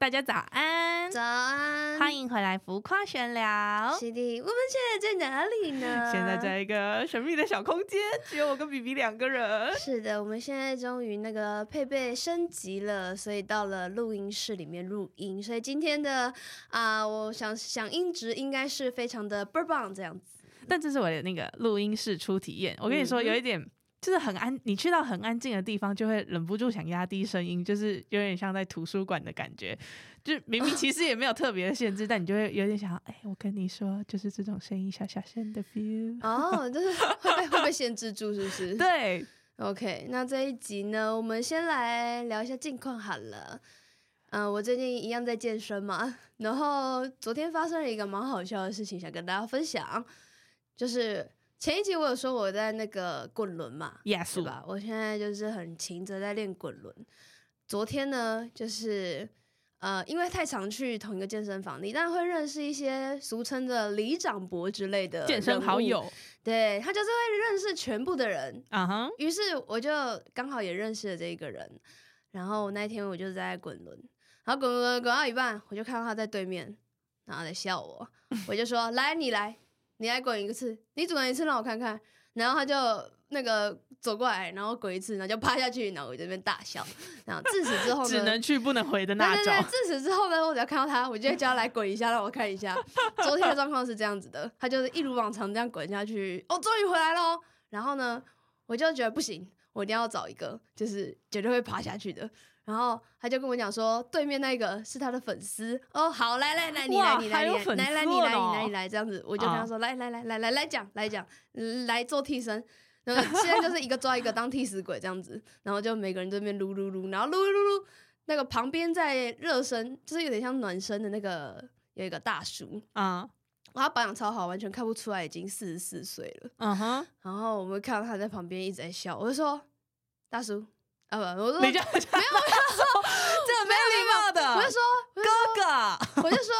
大家早安，早安，歡迎回來浮誇閒聊。是的，我們現在在哪裡呢？ 現在在一個神秘的小空間，只有我跟 BB 兩個人。 是的，我們現在終於那個配備升級了，所以到了錄音室裡面錄音，所以今天的啊、呃，我想想音質應該是非常的倍兒棒這樣子。但這是我的那個錄音室初體驗，我跟你說有一點、嗯。嗯就是很安，你去到很安靜的地方，就會忍不住想壓低聲音，就是有點像在圖書館的感覺。就明明其實也沒有特別的限製，oh. 但你就會有點想，哎、欸，我跟你說，就是這種聲音，小小聲的 feel。哦，就是會被會被限制住，是不是？ 對，OK。那這一集呢，我們先來聊一下近況好了。嗯、呃，我最近一樣在健身嘛，然後昨天發生了一個蠻好笑的事情，想跟大家分享，就是。前一集我有說我在那個滾輪嘛，yes. 是吧？我現在就是很勤着在練滾輪。昨天呢，就是呃，因為太常去同一個健身房，你當然會認識一些俗稱的“里長伯”之類的健身好友。對，他就是會認識全部的人。啊哈。於是我就剛好也認識了這一個人。然後那天我就在滾輪，然後滾滾滾，滾到一半，我就看到他在對面，然後在笑我。我就說：“ 來，你來。”你來滾一次，你主動一次讓我看看。然後他就那個走過來，然後滾一次，然後就趴下去，然後我這邊大笑。然後自此之後呢， 只能去不能回的那種。對對對，自此之後呢，我只要看到他，我就叫他來滾一下， 讓我看一下。昨天的狀況是這樣子的，他就是一如往常這樣滾下去。哦，終於回來嘍，哦！然後呢，我就覺得不行，我一定要找一個就是絕對會趴下去的。然後他就跟我講說，對面那個是他的粉絲哦。好，來來來，你來你來、哦、你來來你來你來你來，你來，你來這樣子，我就跟他說，uh. 來來來來來來講，來講來講來做替身。然後現在就是一個抓一個當替死鬼這樣子， 然後就每個人都那邊擼擼擼，然後擼擼擼，那個旁邊在熱身，就是有點像暖身的那個有一個大叔啊、uh.，他保養超好，完全看不出來已經四十四歲了。嗯哼，然後我們看到他在旁邊一直在笑，我就說，大叔。啊不，我說沒有沒有，這很沒有禮貌的。我就說哥哥，我就說，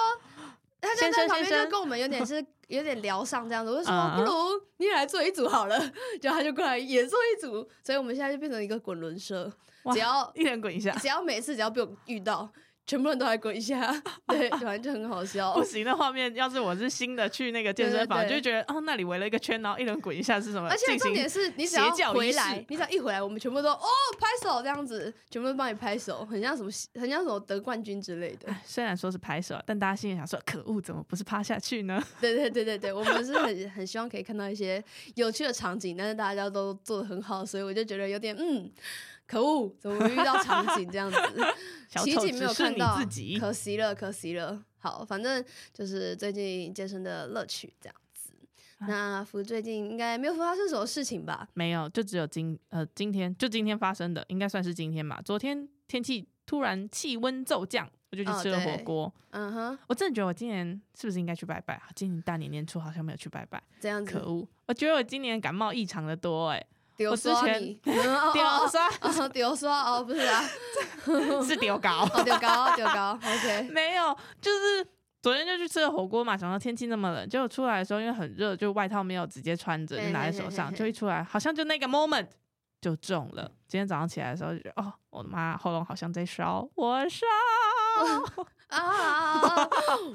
他就在旁邊就跟我們有點是有點聊上這樣子。我就說、啊、不如你也來做一組好了，然後他就過來也做一組，所以我們現在就變成一個滾輪車，只要一人滾一下，只要每次只要被我遇到。全部人都來滾一下、啊，對，反正就很好笑。啊、不行，的，畫面要是我是新的去那個健身房，對對對就覺得啊、哦，那裡圍了一個圈，然後一人滾一下是什麼？而且重點是你只要回來，你只要一回來，我們全部都哦拍手這樣子，全部都幫你拍手，很像什麼，很像什麼得冠軍之類的。哎、雖然說是拍手，但大家心裡想說，可惡，怎麼不是趴下去呢？對對對對對，我們是很很希望可以看到一些有趣的場景， 但是大家都做得很好，所以我就覺得有點嗯。可惡，怎麼會遇到場景這樣子？ 小丑 奇奇，沒有看到只是你自己，可惜了，可惜了。好，反正就是最近健身的樂趣這樣子。啊、那福最近應該沒有發生什麼事情吧？沒有，就只有今呃今天就今天發生的，應該算是今天吧。昨天天氣突然氣溫驟降，我就去吃了火鍋。哦。嗯哼，我真的覺得我今年是不是應該去拜拜？今年大年年初好像沒有去拜拜，這樣子。可惡，我覺得我今年感冒異常的多哎、欸。丟我之前，嗯哦、丟刷、哦哦丟刷啊，丟刷，哦，不是啊， 是丟高、哦，丟高，丟高，OK。沒有，就是昨天就去吃了火鍋嘛，想到天氣那麼冷，結果出來的時候因為很熱，就外套沒有直接穿着，就拿在手上嘿嘿嘿嘿，就一出來，好像就那個 moment 就中了。今天早上起來的時候，就覺得，哦，我的媽，喉嚨好像在燒，我燒啊，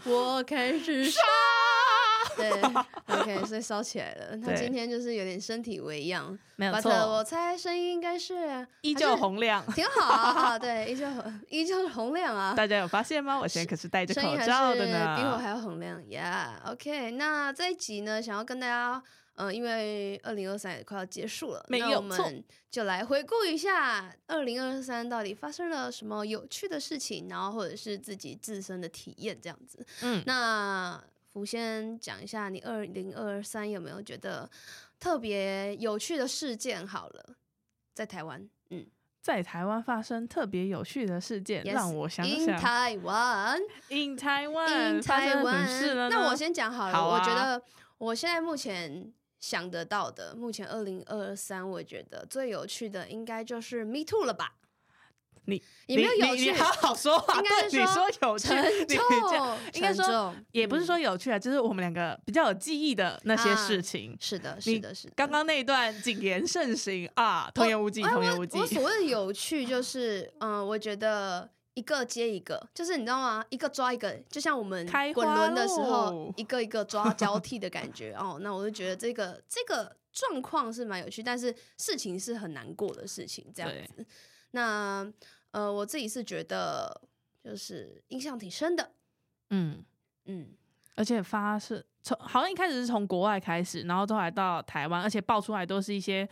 我開始燒。 對，OK，所以燒起來了。他今天就是有點身體微恙，沒有錯。But, 我猜聲音應該是依舊洪亮， 挺好啊啊。對，依舊洪，依舊洪亮啊！大家有發現嗎？我現在可是戴着口罩的呢，比我還要洪亮。Yeah，OK，okay，那這一集呢，想要跟大家，嗯，呃，因為二零二三也快要結束了，沒有錯，就來回顧一下二零二三到底發生了什麼有趣的事情，然後或者是自己自身的體驗這樣子。嗯，那。我先講一下，你二零二三有沒有覺得特別有、嗯、有趣的事件？好了，在台灣，嗯，在台灣發生特別有趣的事件，讓我想想。In Taiwan, In Taiwan, In Taiwan，發生了什麼事呢？那我先講好了，好啊，我覺得我現在目前想得到的，目前二零二三，我覺得最有趣的應該就是 Me Too 了吧。你你你沒有有趣，你你你好好說話、啊，對你說有趣，重你，你重應該說也不是說有趣啊、嗯，就是我們兩個比較有記憶的那些事情。是、啊、的，是的，是的。剛剛那一段謹言慎行啊，童言無忌，童、啊、言無忌。我所謂的有趣，就是嗯、呃，我覺得一個接一個，就是你知道嗎？一個抓一個，就像我們開滾輪的時候、哦，一個一個抓交替的感覺 哦。那我就覺得這個這個狀況是蠻有趣，但是事情是很難過的事情，這樣子。那呃，我自己是覺得就是印象挺深的，嗯嗯，而且發是從好像一開始是從國外開始，然後都來到台灣，而且爆出來都是一些，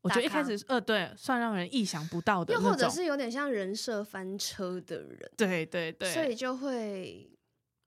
我覺得一開始是，呃對，算讓人意想不到的，又或者是有點像人設翻車的人，對對對，所以就會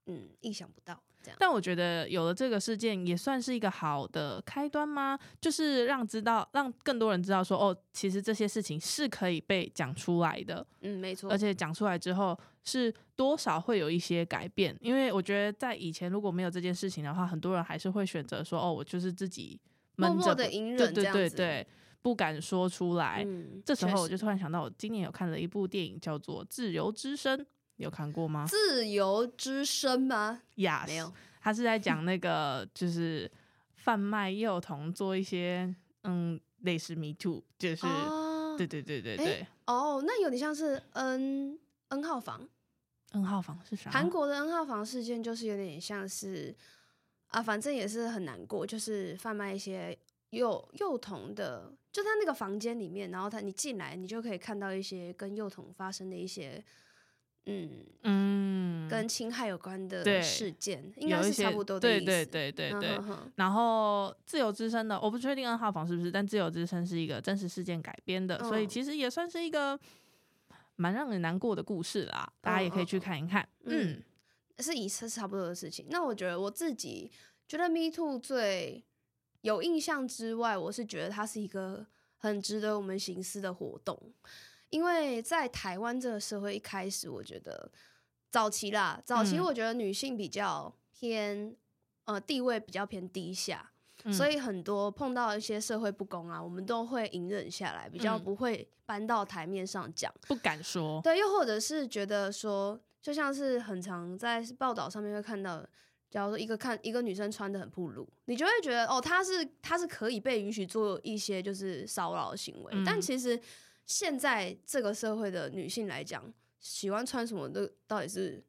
嗯意想不到。但我覺得有了這個事件也算是一個好的開端嗎？就是讓知道讓更多人知道說哦，其實這些事情是可以被講出來的。嗯，沒錯。而且講出來之後是多少會有一些改變，因為我覺得在以前如果沒有這件事情的話，很多人還是會選擇說哦，我就是自己悶著，默默的隱忍，對對對，不敢說出來。嗯，這時候我就突然想到，我今年有看了一部電影叫做《自由之聲》。有看過嗎？自由之聲嗎？Yes, 沒有。他是在講那個，就是販賣幼童做一些， 嗯，類似 Me Too，就是，oh, 對對對對對。哦、欸，oh, 那有點像是 N N 號房。N 號房是啥？韓國的 N 號房事件就是有點像是，啊，反正也是很難過，就是販賣一些幼幼童的，就他那個房間裡面，然後他你進來，你就可以看到一些跟幼童發生的一些。嗯嗯，跟侵害有關的事件，應該是差不多的意思。對對對對對。啊、呵呵然後自由之聲的，我不確定二號房是不是，但自由之聲是一個真實事件改編的，嗯，所以其實也算是一個蠻讓人難過的故事啦。大家也可以去看一看。嗯，嗯是一次差不多的事情。那我覺得我自己覺得 Me Too 最有印象之外，我是覺得它是一個很值得我們行事的活動。因為在台灣這個社會一開始，我覺得早期啦，早期我覺得女性比較偏，嗯、呃，地位比較偏低下、嗯，所以很多碰到一些社會不公啊，我們都會隱忍下來，比較不會搬到台面上講，嗯、不敢說。對，又或者是覺得說，就像是很常在報道上面會看到，假如說一個看一個女生穿得很暴露，你就會覺得哦，她是她是可以被允許做一些就是騷擾行為、嗯，但其實。現在這個社會的女性來講，喜歡穿什麼的，到底是，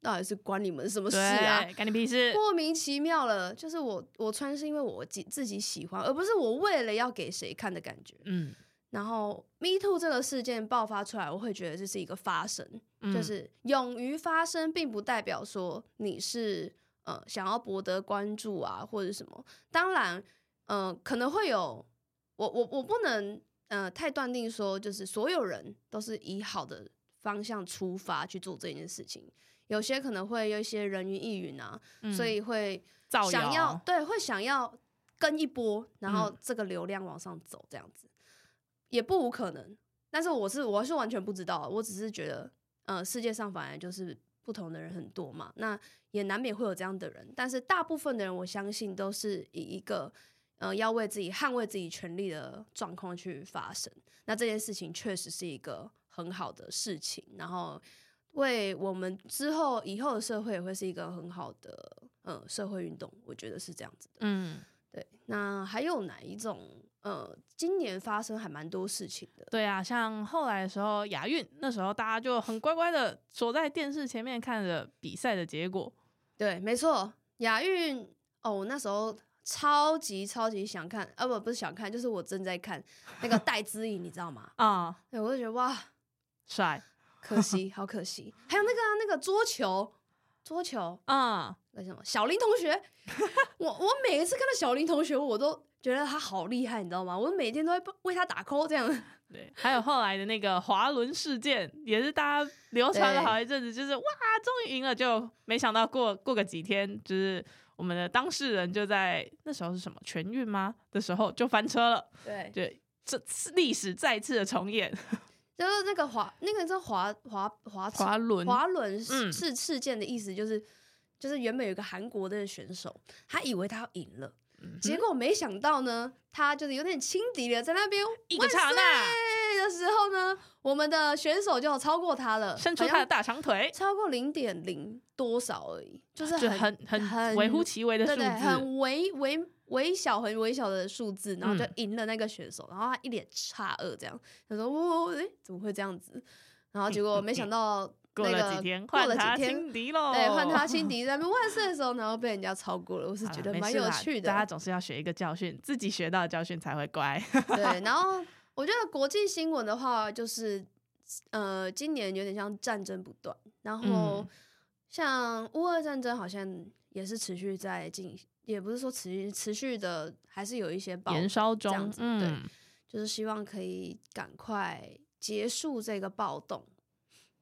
到底是關你們什麼事啊？關你屁事！莫名其妙了，就是我我穿是因為我自己喜歡，而不是我為了要給誰看的感覺。嗯。然後，Me Too 這個事件爆發出來，我會覺得這是一個發聲，嗯。就是勇於發聲並不代表說你是呃想要博得關注啊，或者什麼。當然，嗯、呃，可能會有我我我不能。呃，太斷定說，就是所有人都是以好的方向出發去做這件事情，有些可能會有一些人云亦云啊，嗯、所以會想要對，會想要跟一波，然後這個流量往上走，這樣子、嗯、也不無可能。但是我是我是完全不知道，我只是覺得，呃，世界上反而就是不同的人很多嘛，那也難免會有這樣的人，但是大部分的人我相信都是以一個。嗯、呃，要為自己捍衛自己權利的狀況去發聲，那這件事情確實是一個很好的事情，然後為我們之後以後的社會也會是一個很好的嗯、呃、社會運動，我覺得是這樣子的。嗯，對。那還有哪一種？呃，今年發生還蠻多事情的。對啊，像後來的時候亞運，那時候大家就很乖乖的坐在電視前面看着比賽的結果。對，沒錯，亞運哦，那時候。超級超級想看啊！不不是想看，就是我正在看那個戴資穎，你知道嗎？啊、 嗯，對我就覺得哇帥，可惜，好可惜。 還有那個、啊、那個桌球，桌球啊，那什麼小林同學， 我我每一次看到小林同學，我都覺得他好厲害，你知道嗎？我每天都會為他打 call，這樣。對，還有後來的那個滑輪事件，也是大家流傳了好一陣子，就是哇，終於贏了，就沒想到過過個幾天，就是。我們的當事人就在那時候是什麼全運嗎的時候就翻車了，對，對，這次歷史再次的重演，就是那個滑，那個叫滑滑滑滑輪，滑輪事事件的意思就是，就是原本有一個韓國的選手，他以為他要贏了，嗯、結果沒想到呢，他就是有點輕敵了，在那邊一個剎那的時候呢。我們的選手就超過他了，伸出他的大長腿，超過零點零多少而已，就是很就很很，很微乎其微的數字，對對很微微微小很微小的數字，然後就贏了那個選手，嗯、然後他一臉差二這樣，他說我我我，哎，怎麼會這樣子？然後結果沒想到、那個嗯嗯、過了過了幾天，換了幾天， 對，換他輕敵了，換他輕敵，在萬歲的時候，然後被人家超過了，我是覺得蠻有趣的，大家總是要學一個教訓，自己學到的教訓才會乖。 對，然後。我覺得國際新聞的話，就是，呃，今年有點像戰爭不斷，然後像烏俄戰爭好像也是持續在進行，也不是說持續持續的，還是有一些暴燃燒中這樣子，對，嗯，就是希望可以趕快結束這個暴動。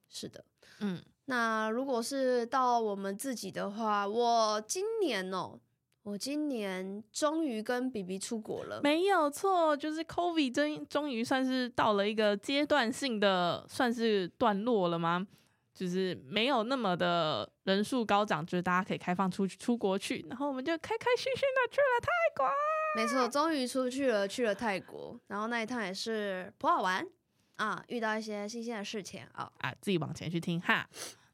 是的，嗯，那如果是到我們自己的話，我今年哦。我今年終於跟 BB 出國了，沒有錯，就是 COVID 真終於算是到了一個階段性的算是段落了嗎？就是沒有那麼的人數高漲，就是大家可以開放出出國去，然後我們就開開心心的去了泰國。沒錯，終於出去了，去了泰國，然後那一趟也是不好玩啊，遇到一些新鮮的事情啊、哦、啊，自己往前去聽哈，啊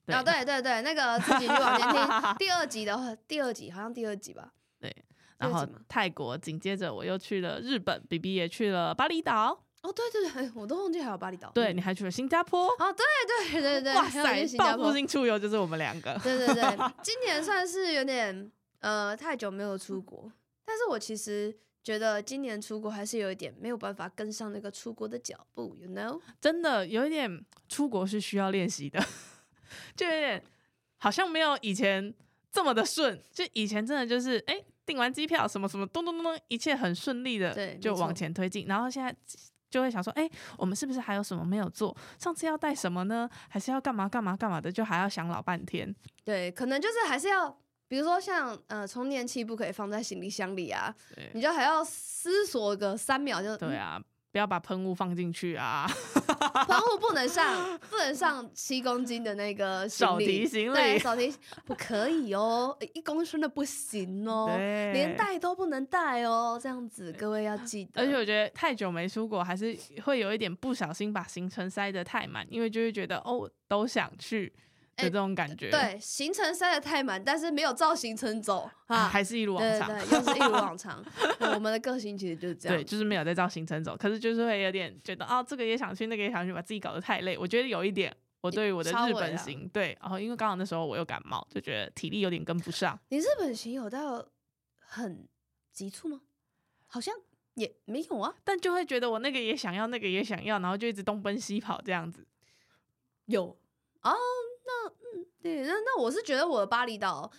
對對對，哦、對對對那， 那個自己去往前聽，第二集的話，第二集好像第二集吧。對，然後泰國，緊接着我又去了日本，BB 也去了巴厘島。哦，對對對，我都忘記還有巴厘島。對，你還去了新加坡？哦，對對對對，對，哇塞，報復性出遊就是我們兩個。對對對， 今年算是有點呃太久沒有出國，但是我其實覺得今年出國還是有一點沒有辦法跟上那個出國的腳步，you know？真的有一點出國是需要練習的，就有點好像沒有以前。這麼的順，就以前真的就是誒，訂完機票什麼什麼咚咚咚咚，一切很順利的就往前推進。然後現在就會想說，欸，我們是不是還有什麼沒有做？上次要帶什麼呢？還是要幹嘛幹嘛幹嘛的，就還要想老半天。對，可能就是還是要，比如說像呃充電器不可以放在行李箱裡啊，你就還要思索個三秒就。對啊。不要把噴霧放進去啊！噴霧不能上， 不能上七公斤的那個行李，手提行李，對，手提 不可以哦，一公升的不行哦，連帶都不能帶哦，這樣子各位要記得。而且我覺得太久沒出國，還是會有一點不小心把行程塞得太滿，因為就會覺得哦，都想去。的、欸、這種感覺，對，行程塞得太滿，但是沒有照行程走啊，還是一如往常，啊、往常對，對，對，又是一如往常。 我們的個性其實就是這樣，對，就是沒有在照行程走，可是就是會有點覺得，哦，這個也想去，那個也想去，把自己搞得太累。我覺得有一點，我對於我的日本行，對，然、哦、後因為剛好那時候我又感冒，就覺得體力有點跟不上。你日本行有到很急促嗎？好像也沒有啊，但就會覺得我那個也想要，那個也想要，然後就一直東奔西跑這樣子。有啊。哦對，那那我是覺得我的巴厘島，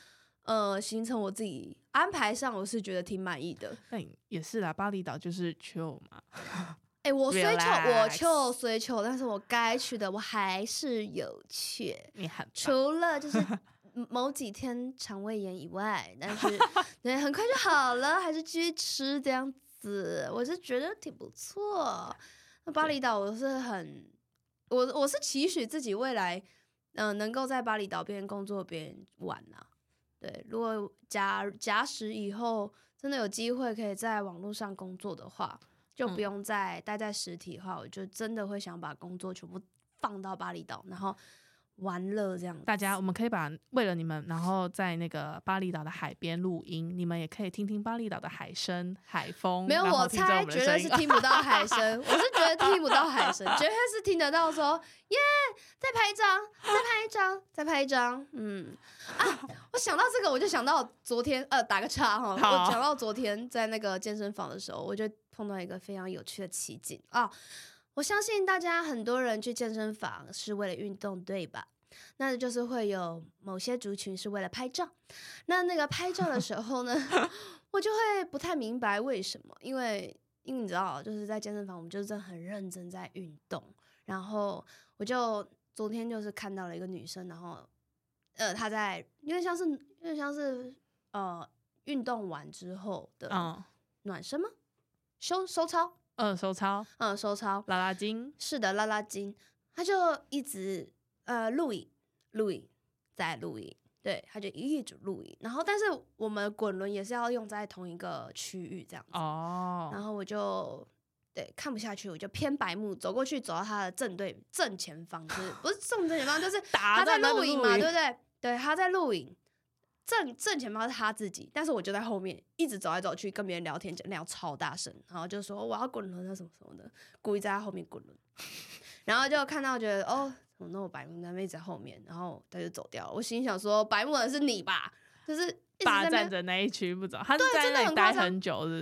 呃，行程我自己安排上，我是覺得挺滿意的。那、欸、也是啦，巴厘島就是 chill 嘛。哎、 欸，我雖窮，Relax. 我窮雖窮，但是我該去的我還是有去。你還除了就是某幾天腸胃炎以外， 但是對，很快就好了，還是繼續吃這樣子，我是覺得挺不錯。那巴厘島我是很，我我是期許自己未來。嗯、呃，能夠在巴厘島邊工作邊玩呢，啊。對，如果假假使以後真的有機會可以在網絡上工作的話，就不用再待在實體的話，嗯、我就真的會想把工作全部放到巴厘島，然後。玩樂這樣子，大家我們可以把為了你們，然後在那個巴厘島的海邊錄音，你們也可以聽聽巴厘島的海聲、海風。沒有，我，我猜絕對是聽不到海聲， 我是覺得聽不到海聲， 絕對是聽得到說。說耶，再拍一張，再拍一張， 再拍一張。嗯啊，我想到這個，我就想到昨天，呃，打個叉哈。好。我想到昨天在那個健身房的時候，我就碰到一個非常有趣的奇景啊。我相信大家很多人去健身房是為了運動，對吧？那就是會有某些族群是為了拍照。那那個拍照的時候呢， 我就會不太明白為什麼，因為因為你知道，就是在健身房我們就是很認真在運動。然後我就昨天就是看到了一個女生，然後呃她在有點像是有點像是呃運動完之後的暖身嗎？收收操。嗯，收操，嗯，收操，拉拉筋。是的，拉拉筋，他就一直呃，錄影，錄影，在錄影，對，他就一直錄影，然後但是我們滾輪也是要用在同一個區域這樣子，哦，然後我就對看不下去，我就偏白目，走過去，走到他的正對正前方，就是不是正正前方，就是他在錄影、影嘛，對不對，對在在？對，他在錄影。正正前方是他自己，但是我就在後面一直走來走去，跟別人聊天就聊超大聲，然後就說我要滾了，什麼什麼的，故意在他後面滾， 然後就看到覺得哦，怎麼那麼白目男妹在後面，然後他就走掉了。我心想說，白目的是你吧？就是一直在那，站那一區不走，他在那裡待很久，是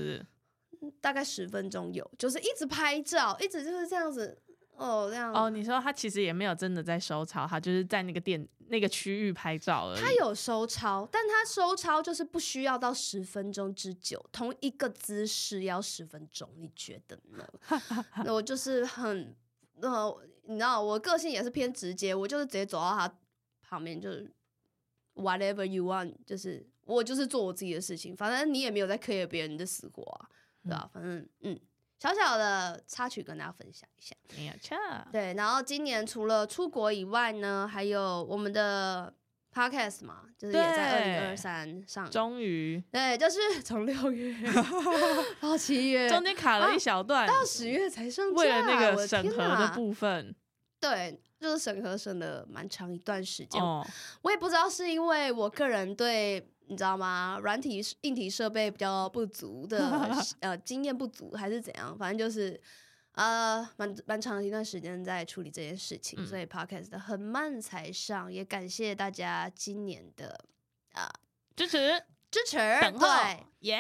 不是？大概十分鐘有，就是一直拍照，一直就是這樣子。哦、oh，這樣哦，你說他其實也沒有真的在收鈔，他就是在那個店那個區域拍照而已。他有收鈔，但他收鈔就是不需要到十分鐘之久，同一個姿勢要十分鐘，你覺得呢？ 那我就是很，呃，你知道我個性也是偏直接，我就是直接走到他旁邊，就是 whatever you want，就是我就是做我自己的事情，反正你也沒有在 care 別人的死活、啊嗯，對吧、啊？反正嗯。小小的插曲跟大家分享一下，沒有錯。對，然後今年除了出國以外呢，還有我們的 podcast 嘛，就是也在二零二三上，終於對，就是從六月到七月中間 卡了一小段，啊、到十月才上、啊。為了那個審核的部分，啊、對，就是審核審了蠻長一段時間、哦，我也不知道是因為我個人對。你知道嗎？軟體、硬體設備比較不足的， 呃，經驗不足還是怎樣？反正就是，呃，蠻蠻長的一段時間在處理這件事情，嗯，所以 Podcast 的很慢才上。也感謝大家今年的啊、呃、支持、支持、趕快，耶！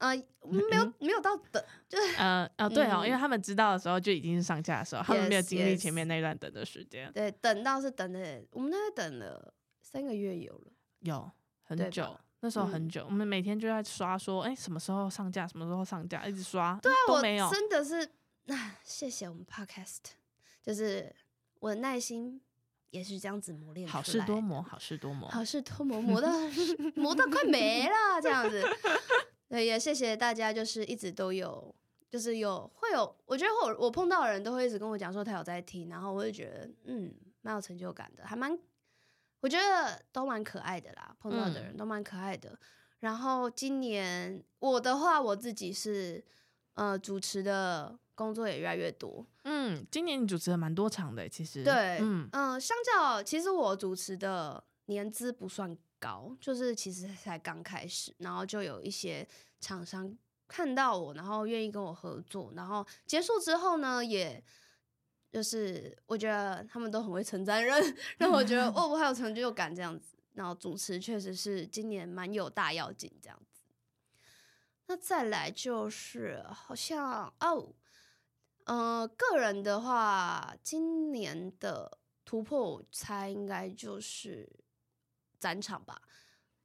啊、yeah! 呃，我們沒有沒有到等，就是呃呃對哦，因為他們知道的時候就已經是上架的時候，yes, 他們沒有經歷前面那段等的時間。Yes. 對，等到是等的，我們那等了三個月有了，有很久。那時候很久，嗯，我們每天就在刷說，說、欸、哎，什麼時候上架，什麼時候上架，一直刷。對啊，我沒有，真的是，那謝謝我們 Podcast，就是我的耐心也是這樣子磨練。好事多磨，好事多磨，好事多磨，磨到 磨到快沒了這樣子。對，也謝謝大家，就是一直都有，就是有會有，我覺得我我碰到的人都會一直跟我講說他有在聽，然後我就覺得嗯，蠻有成就感的，還蠻。我覺得都蠻可愛的啦，碰到的人都蠻可愛的、嗯。然後今年我的話，我自己是呃主持的工作也越來越多。嗯，今年你主持的蠻多場的、欸，其實。對，嗯，呃、相較其實我主持的年資不算高，就是其實才剛開始，然後就有一些廠商看到我，然後願意跟我合作，然後結束之後呢也。就是我覺得他們都很會承擔責任，然後 我覺得哦，我好有成就感這樣子。然後主持確實是今年蠻有大躍進這樣子。那再來就是好像哦，呃，個人的話，今年的突破，我猜應該就是展場吧。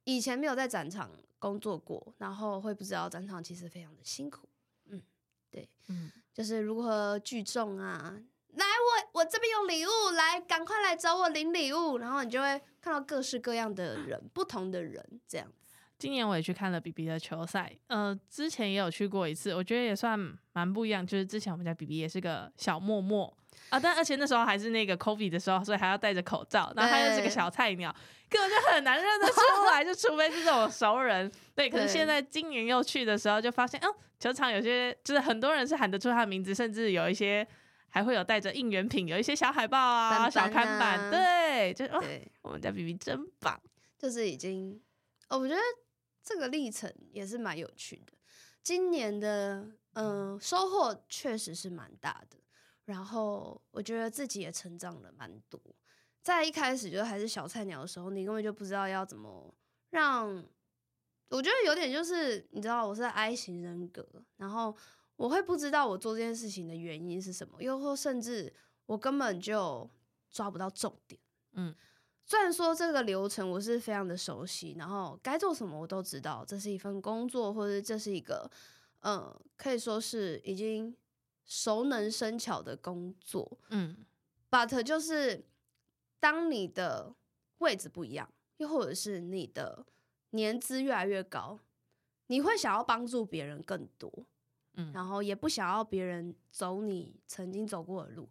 以前沒有在展場工作過，然後會不知道展場其實非常的辛苦。嗯，對，嗯，就是如何聚眾啊。來，我我這邊有禮物，來，趕快來找我領禮物，然後你就會看到各式各樣的人，不同的人這樣子。今年我也去看了 BB 的球賽，呃，之前也有去過一次，我覺得也算蠻不一樣。就是之前我們家 BB 也是個小默默啊，但而且那時候還是那個 COVID 的時候，所以還要戴着口罩，然後他又是個小菜鳥，根本就很難認得出來， 就除非是這種熟人。對，可是現在今年又去的時候，就發現啊、嗯，球場有些就是很多人是喊得出他的名字，甚至有一些。還會有帶着應援品，有一些小海報啊、班班啊小看板，對，就哦，我們家 B B 真棒，就是已經，我覺得這個歷程也是蠻有趣的。今年的嗯、呃、收穫確實是蠻大的，然後我覺得自己也成長了蠻多。在一開始就還是小菜鳥的時候，你根本就不知道要怎麼讓，我覺得有點就是你知道我是 I 型人格，然後。我會不知道我做這件事情的原因是什麼，又或甚至我根本就抓不到重點。嗯，雖然說這個流程我是非常的熟悉，然後該做什麼我都知道，這是一份工作，或者這是一個，嗯、呃，可以說是已經熟能生巧的工作。嗯，But 就是當你的位置不一樣，又或者是你的年資越來越高，你會想要幫助別人更多。嗯，然後也不想要別人走你曾經走過的路。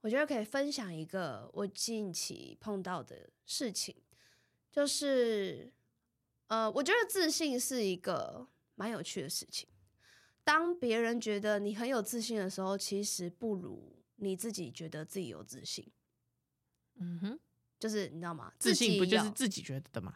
我覺得可以分享一個我近期碰到的事情，就是，呃，我覺得自信是一個蠻有趣的事情。當別人覺得你很有自信的時候，其實不如你自己覺得自己有自信。嗯哼，就是你知道嗎？自信不就是自己覺得的嗎？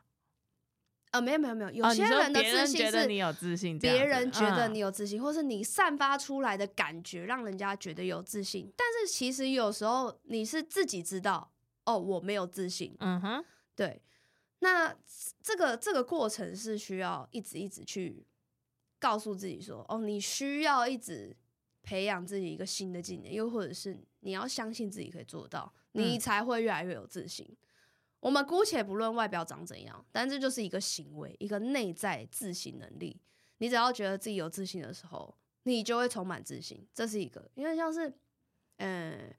呃、哦，沒有沒有沒有，有些人的自信是別人覺得你有自信，別、嗯、人覺得你有自信，或是你散發出來的感覺讓人家覺得有自信。但是其實有時候你是自己知道，哦，我沒有自信。嗯哼，對。那這個這個過程是需要一直一直去告訴自己說，哦，你需要一直培養自己一個新的技能，又或者是你要相信自己可以做到，你才會越來越有自信。嗯我們姑且不論外表長怎樣，但這就是一個行為，一個內在自信能力。你只要覺得自己有自信的時候，你就會充滿自信。這是一個，因為像是嗯、欸，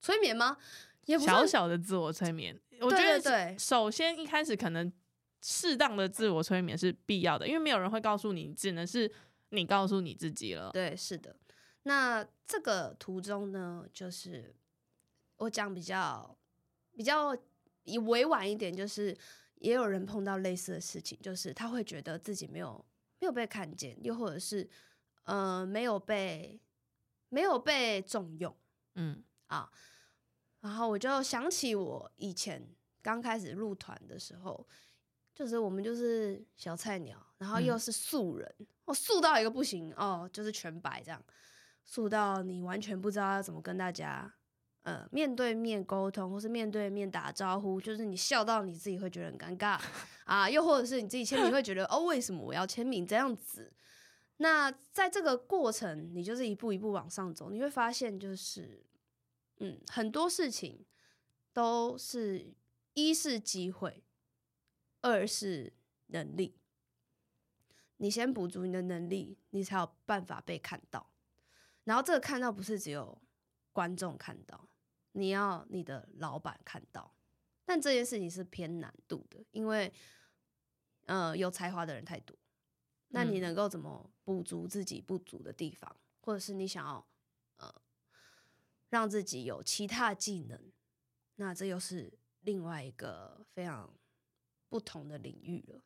催眠嗎？也不是小小的自我催眠。對對對我覺得，對，首先一開始可能適當的自我催眠是必要的，因為沒有人會告訴你，只能是你告訴你自己了。對，是的。那這個途中呢，就是我講比較比較。比較以委婉一點，就是也有人碰到類似的事情，就是他會覺得自己沒有沒有被看見，又或者是呃沒有被沒有被重用，嗯啊，然後我就想起我以前剛開始入團的時候，就是我們就是小菜鳥，然後又是素人，嗯、哦，素到一個不行哦，就是全白這樣，素到你完全不知道要怎麼跟大家。呃，面對面溝通，或是面對面打招呼，就是你笑到你自己會覺得很尷尬 啊，又或者是你自己簽名會覺得 哦，為什麼我要簽名這樣子？那在這個過程，你就是一步一步往上走，你會發現就是，嗯，很多事情都是，一是機會，二是能力。你先補足你的能力，你才有辦法被看到。然後這個看到不是只有觀眾看到。你要你的老闆看到，但這件事情是偏難度的，因為呃，有才華的人太多，那你能夠怎麼補足自己不足的地方，或者是你想要呃讓自己有其他技能，那這又是另外一個非常不同的領域了。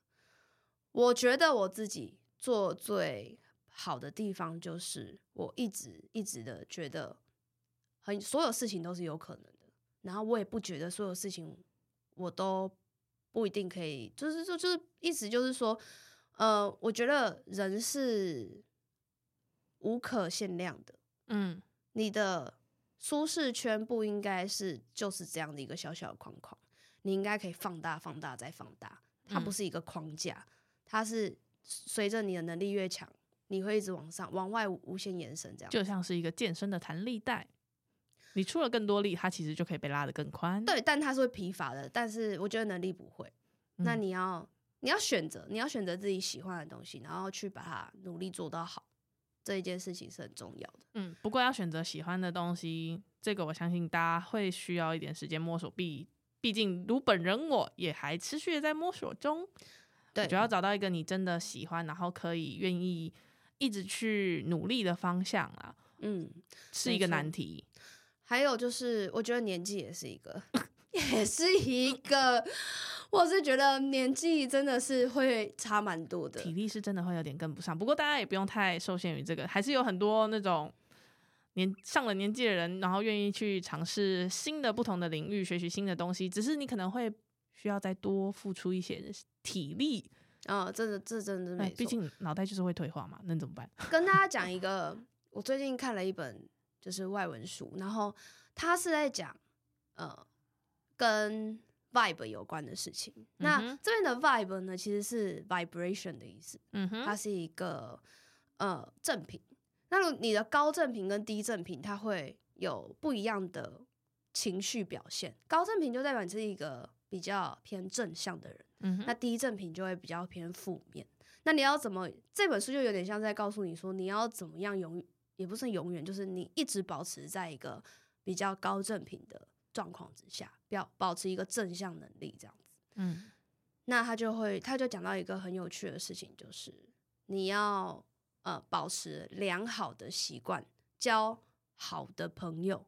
我覺得我自己做最好的地方，就是我一直一直的覺得。很，所有事情都是有可能的。然後我也不覺得所有事情我都不一定可以，就是說就，就是意思就是說，呃，我覺得人是無可限量的。嗯，你的舒適圈不應該是就是這樣的一個小小的框框，你應該可以放大、放大再放大。它不是一個框架，它是隨着你的能力越強，你會一直往上、往外無，無限延伸，這樣就像是一個健身的彈力帶。你出了更多力，它其實就可以被拉得更寬。對，但它是會疲乏的。但是我覺得能力不會。嗯、那你要，你要選擇，你要選擇自己喜歡的東西，然後去把它努力做到好，這一件事情是很重要的。嗯，不過要選擇喜歡的東西，這個我相信大家會需要一點時間摸索。畢，畢竟如本人我也還持續的在摸索中。對，主要找到一個你真的喜歡，然後可以願意一直去努力的方向啊，嗯，是一個難題。還有就是，我覺得年紀也是一個， 也是一個。我是覺得年紀真的是會差蠻多的，體力是真的會有點跟不上。不過大家也不用太受限於這個，還是有很多那種年上了年紀的人，然後願意去嘗試新的、不同的領域，學習新的東西。只是你可能會需要再多付出一些體力。啊、哦，真的，這真的是沒錯、嗯、畢竟腦袋就是會退化嘛，能怎麼辦？跟大家講一個， 我最近看了一本。就是外文書，然後它是在講呃跟 vibe 有關的事情。嗯、那這邊的 vibe 呢，其實是 vibration 的意思。它、嗯、是一個呃正頻。那你的高正頻跟低正頻，它會有不一樣的情緒表現。高正頻就代表你是一個比較偏正向的人。嗯、那低正頻就會比較偏負面。那你要怎麼？這本書就有點像在告訴你說，你要怎麼樣勇。也不是永遠，就是你一直保持在一個比較高正品的狀況之下，保持一個正向能力這樣子。嗯，那他就會，他就講到一個很有趣的事情，就是你要呃保持良好的習慣，交好的朋友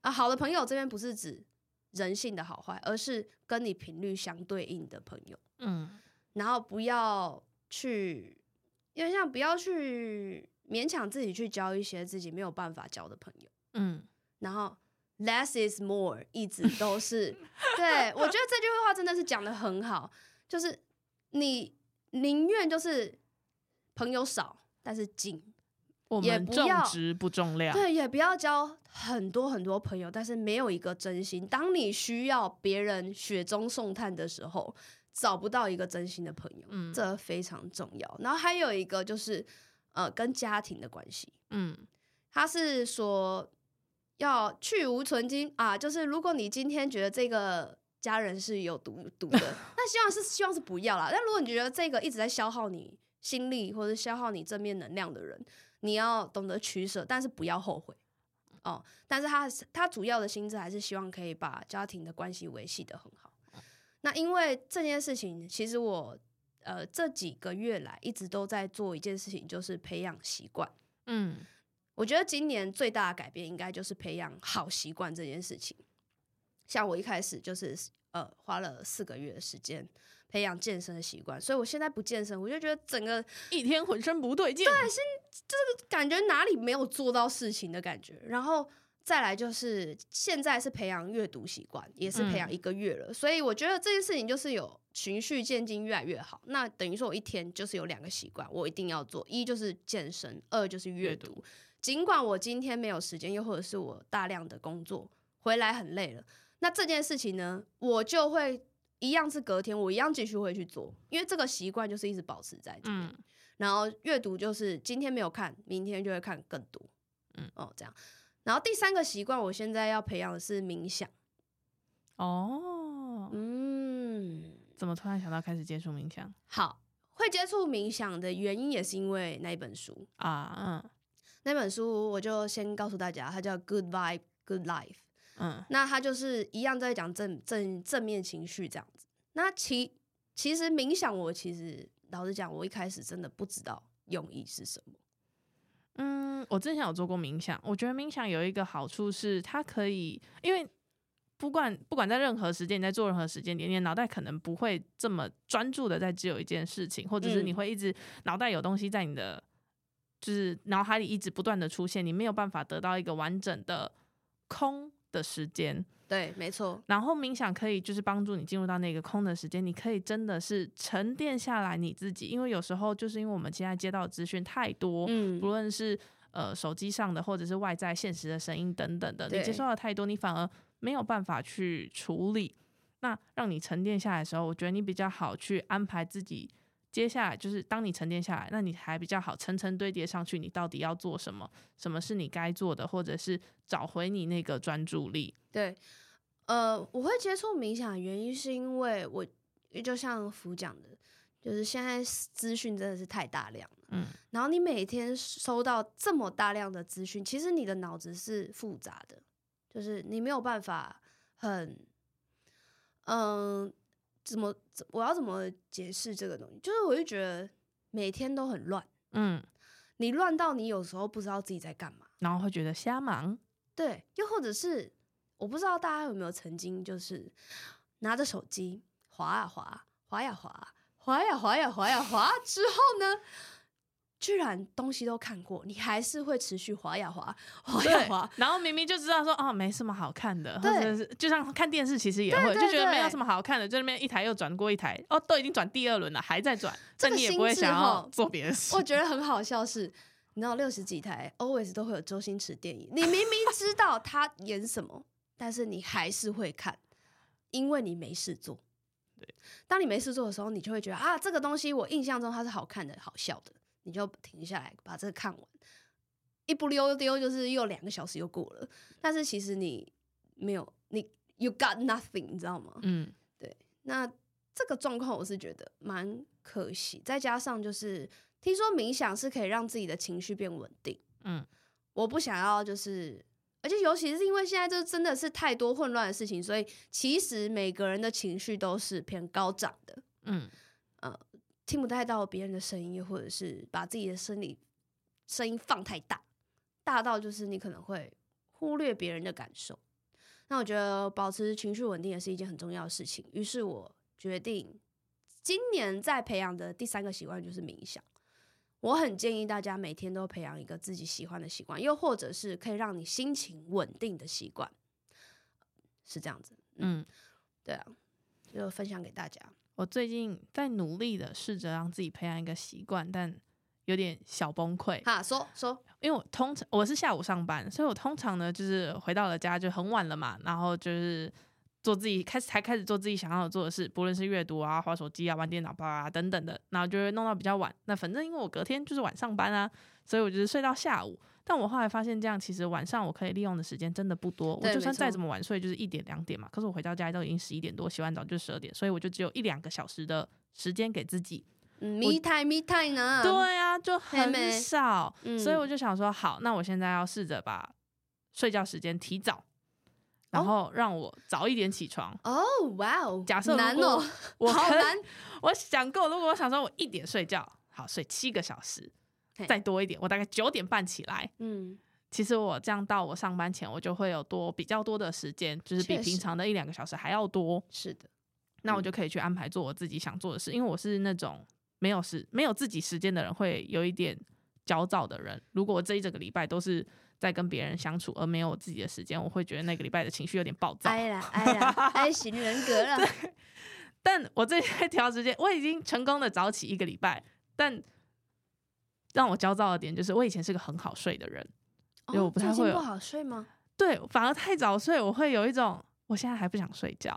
啊、呃，好的朋友這邊不是指人性的好壞，而是跟你頻率相對應的朋友。嗯，然後不要去，因為像不要去。勉強自己去交一些自己沒有辦法交的朋友，嗯，然後 less is more 一直都是 對，我覺得這句話真的是講得很好，就是你寧願就是朋友少但是精，我們重質不重量，也不要。對，也不要交很多很多朋友，但是沒有一個真心。當你需要別人雪中送炭的時候，找不到一個真心的朋友，嗯，這非常重要。然後還有一個就是。呃，跟家庭的關係，嗯，他是說要去蕪存菁啊，就是如果你今天覺得這個家人是有毒毒的，那希望是希望是不要啦。但如果你覺得這個一直在消耗你心力或者消耗你正面能量的人，你要懂得取捨，但是不要後悔哦。但是他他主要的心智還是希望可以把家庭的關係維繫得很好。那因為這件事情，其實我。呃，這幾個月來一直都在做一件事情，就是培養習慣。嗯，我覺得今年最大的改變應該就是培養好習慣這件事情。像我一開始就是呃花了四個月的時間培養健身的習慣，所以我現在不健身，我就覺得整個一天渾身不對勁，對，是就是感覺哪裡沒有做到事情的感覺，然後。再來就是現在是培養閱讀習慣，也是培養一個月了。嗯，所以我覺得這件事情就是有循序漸進，越來越好。那等於說我一天就是有兩個習慣，我一定要做，一就是健身，二就是閱讀。儘管我今天沒有時間，又或者是我大量的工作回來很累了，那這件事情呢，我就會一樣是隔天，我一樣繼續會去做，因為這個習慣就是一直保持在這。嗯，然後閱讀就是今天沒有看，明天就會看更多。嗯，哦，這樣。然後第三個習慣，我現在要培養的是冥想。哦、oh,，嗯，怎麼突然想到開始接觸冥想？好，會接觸冥想的原因也是因為那一本書啊，嗯、uh, uh,，那本書我就先告訴大家，它叫《Good Vibe Good Life》。嗯，那它就是一樣在講正正正面情緒這樣子。那其其實冥想，我其實老實講，我一開始真的不知道用意是什麼。嗯，我之前有做過冥想。我覺得冥想有一個好處是，它可以，因為不管不管在任何時間，你在做任何時間點，你腦袋可能不會這麼專注的在只有一件事情，或者是你會一直嗯、腦袋有東西在你的，就是腦海裡一直不斷的出現，你沒有辦法得到一個完整的空的時間。對，沒錯。然後冥想可以就是幫助你進入到那個空的時間，你可以真的是沉澱下來你自己。因為有時候就是因為我們現在接到的資訊太多，嗯，不論是呃手機上的或者是外在現實的聲音等等的，對，你接收到太多，你反而沒有辦法去處理。那讓你沉澱下來的時候，我覺得你比較好去安排自己。接下來就是當你沉澱下來，那你還比較好層層堆疊上去。你到底要做什麼？什麼是你該做的？或者是找回你那個專注力？對，呃，我會接觸冥想的原因是因為我就像福講的，就是現在資訊真的是太大量了。嗯，然後你每天收到這麼大量的資訊，其實你的腦子是複雜的，就是你沒有辦法很，嗯、呃。怎麼？我要怎麼解釋這個東西？就是我就覺得每天都很亂，嗯，你亂到你有時候不知道自己在幹嘛，然後會覺得瞎忙。對，又或者是我不知道大家有沒有曾經就是拿着手機滑啊滑，滑呀滑，滑呀滑呀滑呀滑之後呢？居然東西都看過，你還是會持續滑呀滑，滑呀滑，然後明明就知道說哦沒什麼好看的，或者是就像看電視，其實也會對對對對就覺得沒有什麼好看的，就那邊一台又轉過一台，哦，都已經轉第二輪了，還在轉，這個，你也不會想要做別的事。我覺得很好笑是，你知道六十幾台 always 都會有周星馳電影，你明明知道他演什麼， 但是你還是會看，因為你沒事做。對，當你沒事做的時候，你就會覺得啊這個東西我印象中它是好看的，好笑的。你就停下來，把這個看完，一不溜丟就是又兩個小時又過了，但是其實你沒有，你 you got nothing，你知道嗎？嗯，對。那這個狀況我是覺得蠻可惜，再加上就是聽說冥想是可以讓自己的情緒變穩定。嗯，我不想要就是，而且尤其是因為現在就真的是太多混亂的事情，所以其實每個人的情緒都是偏高漲的。嗯。聽不太到別人的聲音，或者是把自己的生理聲音放太大，大到就是你可能會忽略別人的感受。那我覺得保持情緒穩定也是一件很重要的事情。於是我決定今年再培養的第三個習慣就是冥想。我很建議大家每天都培養一個自己喜歡的習慣，又或者是可以讓你心情穩定的習慣，是這樣子。嗯，嗯對啊，就分享給大家。我最近在努力的試着讓自己培養一個習慣，但有點小崩潰。啊，說說，因為我通常我是下午上班，所以我通常呢就是回到了家就很晚了嘛，然後就是做自己開始才開始做自己想要做的事，不論是閱讀啊、滑手機啊、玩電腦吧、啊、等等的，然後就會弄到比較晚。那反正因為我隔天就是晚上班啊，所以我就是睡到下午。但我後來發現，這樣其實晚上我可以利用的時間真的不多。我就算再怎麼晚睡，就是一點兩點嘛。可是我回到家都已經十一點多，洗完澡就十二點，所以我就只有一兩個小時的時間給自己。Me time，Me time 呢？對啊，就很少、嗯。所以我就想說，好，那我現在要試着把睡覺時間提早，然後讓我早一點起床。哦、oh? oh, wow，哇哦！假設難哦，我好難。我想過，如果我想說，我一點睡覺，好睡七個小時。再多一點，我大概九點半起來。嗯，其實我這樣到我上班前，我就會有多比較多的時間，就是比平常的一兩個小時還要多。是的，那我就可以去安排做我自己想做的事。嗯、因為我是那種沒有時、沒有自己時間的人，會有一點焦躁的人。如果我這一整個禮拜都是在跟別人相處，而沒有我自己的時間，我會覺得那個禮拜的情緒有點暴躁。哎了哎了，I 型人格了。對，但我這些調時間，我已經成功的早起一個禮拜，但。讓我焦躁的點就是，我以前是個很好睡的人，因、哦、為我不太會有不好睡嗎？對，反而太早睡，我會有一種我現在還不想睡覺。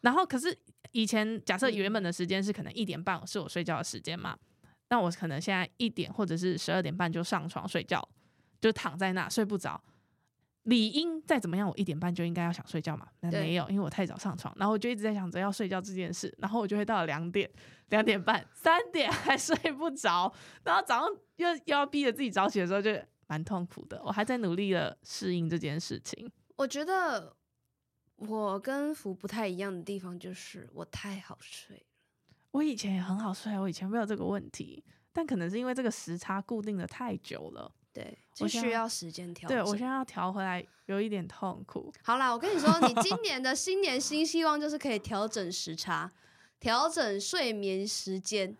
然後，可是以前假設原本的時間是可能一點半是我睡覺的時間嘛、嗯，那我可能現在一點或者是十二點半就上床睡覺，就躺在那睡不着。理應再怎麼樣，我一點半就應該要想睡覺嘛。但沒有，因為我太早上床，然後我就一直在想着要睡覺這件事，然後我就會到了兩點、兩點半、三點還睡不着，然後早上又又要逼着自己早起的時候，就蠻痛苦的。我還在努力的適應這件事情。我覺得我跟福不太一樣的地方就是我太好睡，我以前也很好睡，我以前沒有這個問題，但可能是因為這個時差固定的太久了。對，不需要時間調。對我現在要調回來，有一點痛苦。好啦，我跟你說，你今年的新年新希望就是可以調整時差，調 整睡眠時間。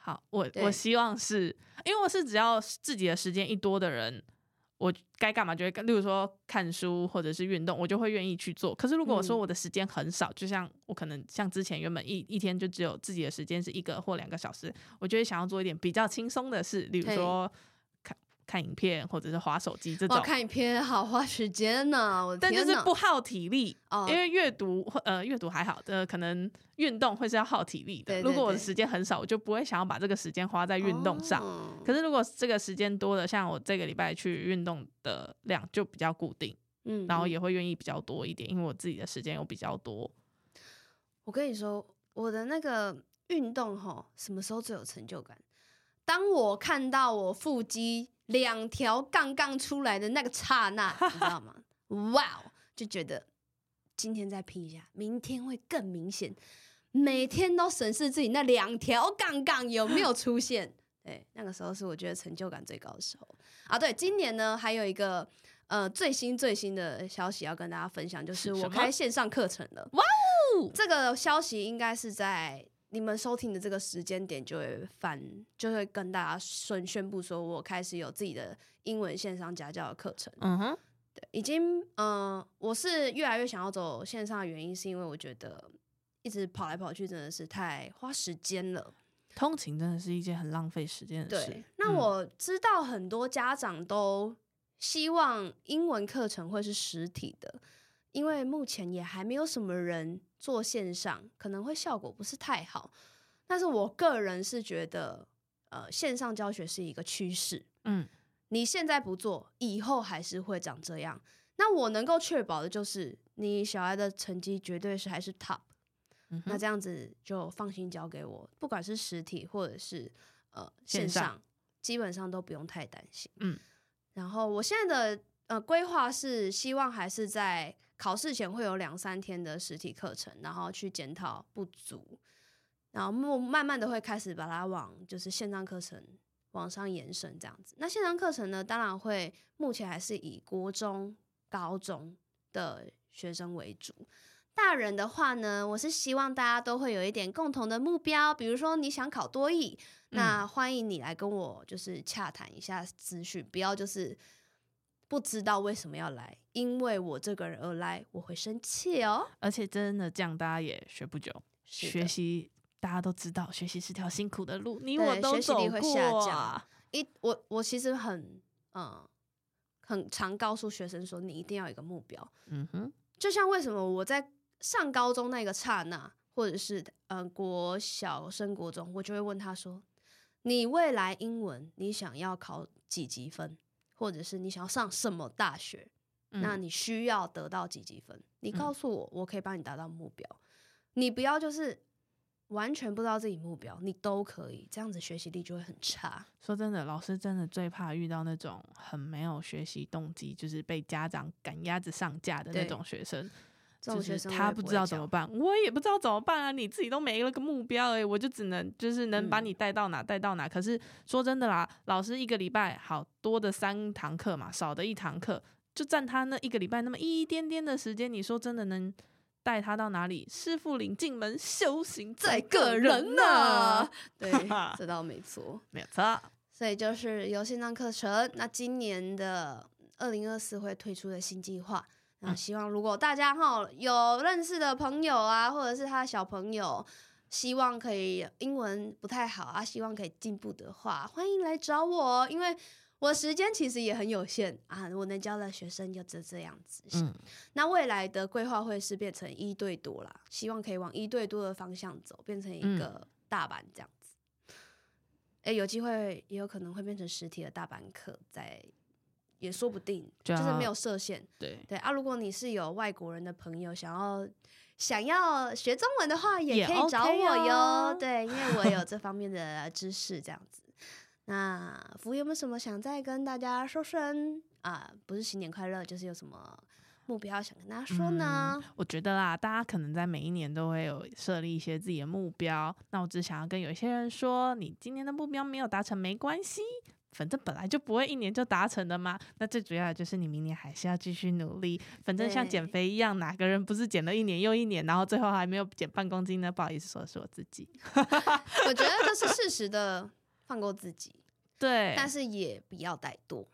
好，我我希望是因為我是只要自己的時間一多的人，我該幹嘛就會，例如說看書或者是運動，我就會願意去做。可是如果我說我的時間很少、嗯，就像我可能像之前原本一一天就只有自己的時間是一個或兩個小時，我就會想要做一點比較輕鬆的事，例如說，看影片，或者是劃手機這種，看影片好花時間吶、啊，我、啊、但就是不耗體力、哦、因為閱讀呃閱讀還好，呃、可能運動會是要耗體力的。對對對，如果我的時間很少，我就不會想要把這個時間花在運動上、哦。可是如果這個時間多了，像我這個禮拜去運動的量就比較固定，嗯嗯然後也會願意比較多一點，因為我自己的時間又比較多。我跟你說，我的那個運動吼，什麼時候最有成就感？當我看到我腹肌。兩條槓槓出來的那個剎那，你知道嗎？哇哦，就覺得今天再拼一下，明天會更明顯。每天都審視自己那兩條槓槓有沒有出現。哎， 那個時候是我覺得成就感最高的時候啊。對，今年呢，還有一個呃最新最新的消息要跟大家分享，就是我開線上課程了。哇哦，這個消息應該是在。你們收聽的這個時間點，就會反，就會跟大家宣宣布說，我開始有自己的英文線上家教的課程。嗯哼，對，已經，嗯、呃，我是越來越想要走線上的原因是因為我覺得一直跑來跑去真的是太花時間了，通勤真的是一件很浪費時間的事。對，那我知道很多家長都希望英文課程會是實體的。因為目前也還沒有什麼人做線上，可能會效果不是太好。但是我個人是覺得，呃，線上教學是一個趨勢。嗯，你現在不做，以後還是會長這樣。那我能夠確保的就是，你小孩的成績絕對是還是 top。嗯。那這樣子就放心交給我，不管是實體或者是呃線上，線上，基本上都不用太擔心。嗯，然後我現在的呃規劃是，希望還是在。考試前會有兩三天的實體課程，然後去檢討不足，然後慢慢慢的會開始把它往就是線上課程往上延伸這樣子。那線上課程呢，當然會目前還是以國中、高中的學生為主。大人的話呢，我是希望大家都會有一點共同的目標，比如說你想考多益，嗯，那歡迎你來跟我就是洽談一下資訊，不要就是。不知道為什麼要來，因為我這個人而來，我會生氣哦。而且真的這樣，大家也學不久。學習大家都知道，學習是條辛苦的路，你我都走過。會下降啊，一，我我其實很嗯，很常告訴學生說，你一定要有一個目標。嗯哼，就像為什麼我在上高中那個剎那，或者是呃國小升國中，我就會問他說：“你未來英文你想要考幾級分？”或者是你想要上什麼大學，嗯、那你需要得到幾級分？你告訴我，我可以幫你達到目標、嗯。你不要就是完全不知道自己目標，你都可以這樣子學習力就會很差。說真的，老師真的最怕遇到那種很沒有學習動機，就是被家長趕鴨子上架的那種學生。這種生會會就是他不知道怎麼辦，我也不知道怎麼辦啊！你自己都沒了個目標誒、欸，我就只能就是能把你帶到哪帶到哪。可是說真的啦，老師一個禮拜好多的三堂課嘛，少的一堂課就佔他那一個禮拜那麼一點點的時間，你說真的能帶他到哪裡？師傅領進門，修行在個人吶、啊嗯。對，這倒沒錯，沒有錯。所以就是有線上課程，那今年的二零二四會推出的新計劃。希望如果大家哈、嗯哦、有認識的朋友啊，或者是他的小朋友，希望可以英文不太好啊，希望可以進步的話，歡迎來找我，因為我時間其實也很有限啊，我能教的學生就只這樣子，嗯。那未來的規劃會是變成一對多啦，希望可以往一對多的方向走，變成一個大班這樣子。誒、嗯欸，有機會也有可能會變成實體的大班課，在。也說不定，就、啊就是沒有設限。對對啊，如果你是有外國人的朋友，想要想要學中文的話，也可以找我喲、OK 哦。對，因為我有這方面的知識，這樣子。 那福有沒有什麼想再跟大家說聲啊？不是新年快樂，就是有什麼目標想跟大家說呢？嗯、我覺得啊，大家可能在每一年都會有設立一些自己的目標。那我只想要跟有一些人說，你今年的目標沒有達成沒關係。反正本來就不會一年就達成的嘛，那最主要的就是你明年還是要繼續努力。反正像減肥一樣，哪個人不是減了一年又一年，然後最後還沒有減半公斤呢？不好意思，說的是我自己。 我覺得這是事實的，放過自己。對，但是也不要太多。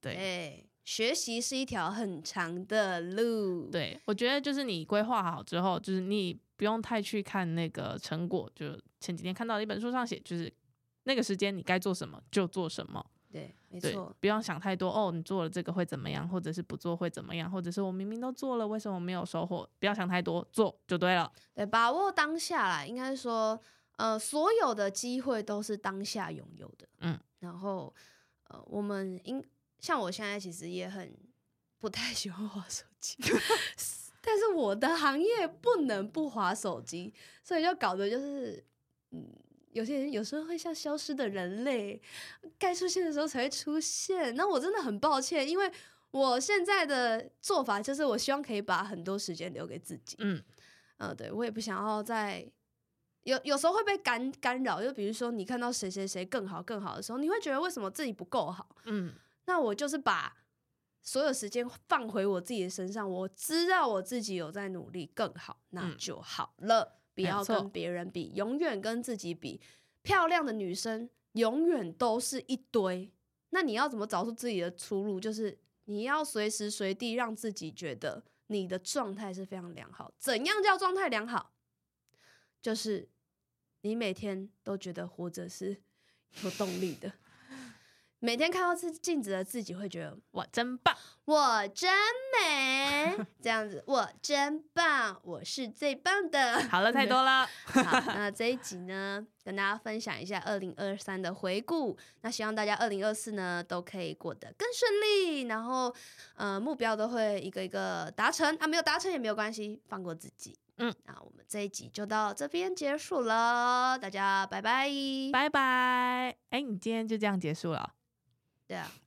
對，欸，學習是一條很長的路。對，我覺得就是你規劃好之後，就是你不用太去看那個成果。就前幾天看到一本書上寫，就是。那個時間你該做什麼就做什麼，對，對沒錯，不要想太多。哦，你做了這個會怎麼樣，或者是不做會怎麼樣，或者是我明明都做了，為什麼我沒有收穫？不要想太多，做就對了。對，把握當下啦。應該說，呃，所有的機會都是當下擁有的。嗯，然後，呃，我們應像我現在其實也很不太喜歡滑手機， 但是我的行業不能不滑手機，所以就搞得就是，嗯。有些人有時候會像消失的人類，該出現的時候才會出現。那我真的很抱歉，因為我現在的做法就是，我希望可以把很多時間留給自己。嗯，呃，對，我也不想要再有，有時候會被干干擾。又比如說，你看到誰誰誰更好、更好的時候，你會覺得為什麼自己不夠好？嗯，那我就是把所有時間放回我自己的身上。我知道我自己有在努力更好，那就好了。嗯不要跟別人比。欸，永遠跟自己比。漂亮的女生永遠都是一堆，那你要怎麼找出自己的出路？就是你要隨時隨地讓自己覺得你的狀態是非常良好。怎樣叫狀態良好？就是你每天都覺得活着是有動力的。 每天看到自鏡子的自己，會覺得我真棒，我真美， 這樣子我真棒，我是最棒的。 好了，太多了。 好，那這一集呢，跟大家分享一下二零二三的回顧。那希望大家二零二四呢，都可以過得更順利，然後呃，目標都會一個一個達成。啊，沒有達成也沒有關係，放過自己。嗯，那我們這一集就到這邊結束了，大家拜拜，拜拜。哎、欸，你今天就這樣結束了？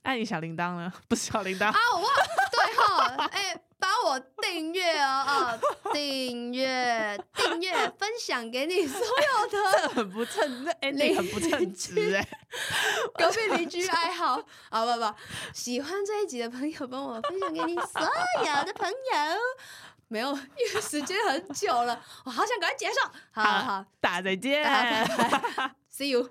愛、yeah. 你小鈴鐺呢？不是小鈴鐺，好，我忘了。最、oh, 後、哦， 哎，幫我訂閱哦，哦，訂閱，訂閱，分享給你所有的。哎、很不稱，那 ending 很不稱職哎。 隔壁鄰居愛好。啊不不，喜歡這一集的朋友，幫我分享給你所有的朋友。 沒有，因為時間很久了，我好想趕快結束。 好好，好，好，大家再見 okay,，See you。